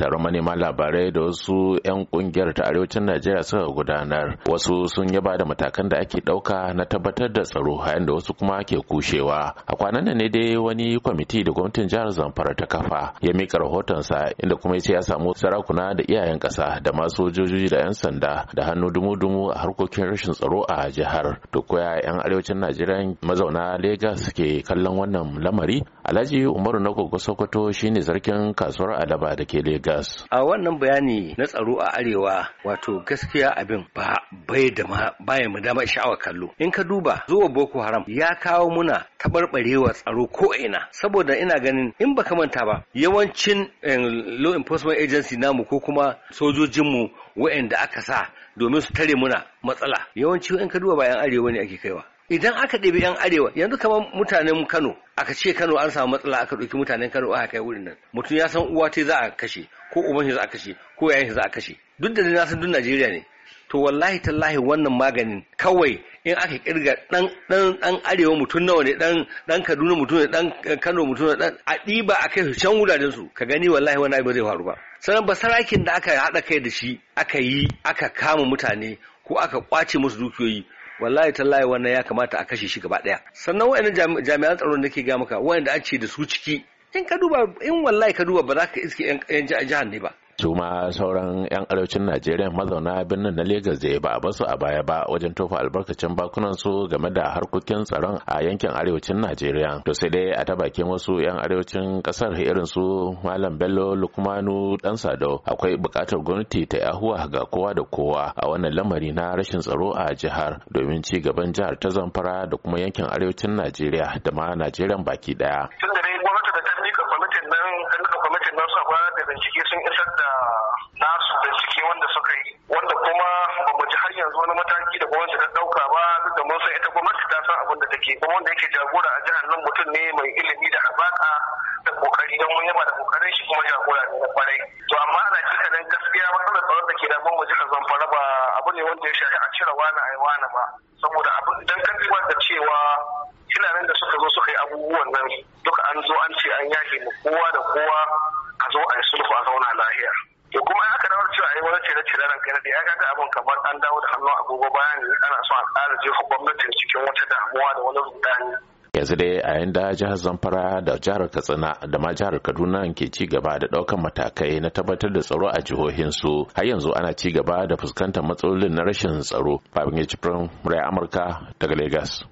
taron manema labarai da wasu 'yan kungiyar ta arewacin najeriya suka gudanar wasu sun yi ba da matakan da ake ɗauka na tabbatar da tsaro hayan da wasu kuma ke kushewa a kwanan nan ne dai wani kwamiti da gwamnatin jihar zamfara ta kafa ya mika rahotonsa inda kuma ya ce ya samu sarakuna da iyayen ƙasa da ma sojoji da 'yan sanda da hannu dumu-dumu a harkokin rashin tsaro a jihar to koya 'yan arewacin najeriya mazauna Legas ke kallon wannan lamari alhaji umaru na gogo sokoto shine sarkin kasuwar alaba da ke Legas. Reuters. A wannan bayani na tsaro a Arewa wato gaskiya abin ba bai da ma baya mu dama sha'awa kallo. In ka duba zuwa Boko Haram ya kawo muna tabarbarewa tsaro ko ina saboda ina ganin in baka manta ba yawancin eh, law enforcement agency namu ko kuma sojojinmu waɗanda aka sa domin su tare muna matsala yawanci in ka duba bayan arewa ne ake kaiwa idan aka ɗebi 'yan arewa yanzu kamar mutanen kano aka ce kano an samu matsala aka ɗauki mutanen kano aka kai wurin nan mutum ya san uwa ta za a kashe ko uban shi za a kashe ko yayin shi za a kashe duk da na san duk najeriya ne to wallahi tallahi wannan maganin kawai in aka kirga dan dan dan arewa mutum nawa ne dan dan kaduna mutum ne dan kano mutum ne dan a ɗiba a kai can wuraren su ka gani wallahi wani abu zai faru ba sanan basarakin da aka haɗa kai da shi aka yi aka kama mutane ko aka kwace musu dukiyoyi wallahi tallahi wannan ya kamata a kashe shi gaba daya sannan wayannan jami'an tsaro da nake ga maka wayanda an ce da su ciki in ka duba in wallahi ka duba ba za ka iske yan jihar ne ba suma sauran 'yan arewacin najeriya mazauna birnin na Legas da ba a basu a baya ba wajen tofa albarkacin bakunan su game da harkokin tsaron a yankin arewacin najeriya to sai dai a ta bakin wasu 'yan arewacin kasar irin su malam bello lukmanu dan sado akwai bukatar gwamnati ta yahuwa ga kowa da kowa a wannan lamari na rashin tsaro a jihar domin ci gaban jihar ta zamfara da kuma yankin arewacin najeriya da ma Najeriya baki daya bincike sun isar da nasu bincike wanda suka yi wanda kuma ba mu ji har yanzu wani mataki da gwamnati ta dauka ba duk da mun san ita gwamnati ta san abin da take kuma wanda yake jagora a jihar nan mutum ne mai ilimi da hazaka da kokari don mun yaba da kokarin shi kuma jagora ne na kwarai to amma ana cika nan gaskiya matsalar tsaron da ke da mu jihar Zamfara ba abu ne wanda ya shafi a cire wani a wani ba saboda abin dan kan da cewa nan da suka zo suka yi abubuwan nan duk cire-cire ran kai ya ga abin kamar an dawo da hannun agogo bayan ana so a kara jefa gwamnatin cikin wata damuwa da wani rudani yanzu dai a da jihar zamfara da jihar katsina da ma jihar kaduna ke ci gaba da daukan matakai na tabbatar da tsaro a jihohinsu har yanzu ana ci gaba da fuskantar matsalolin na rashin tsaro babin ya murai amurka daga lagos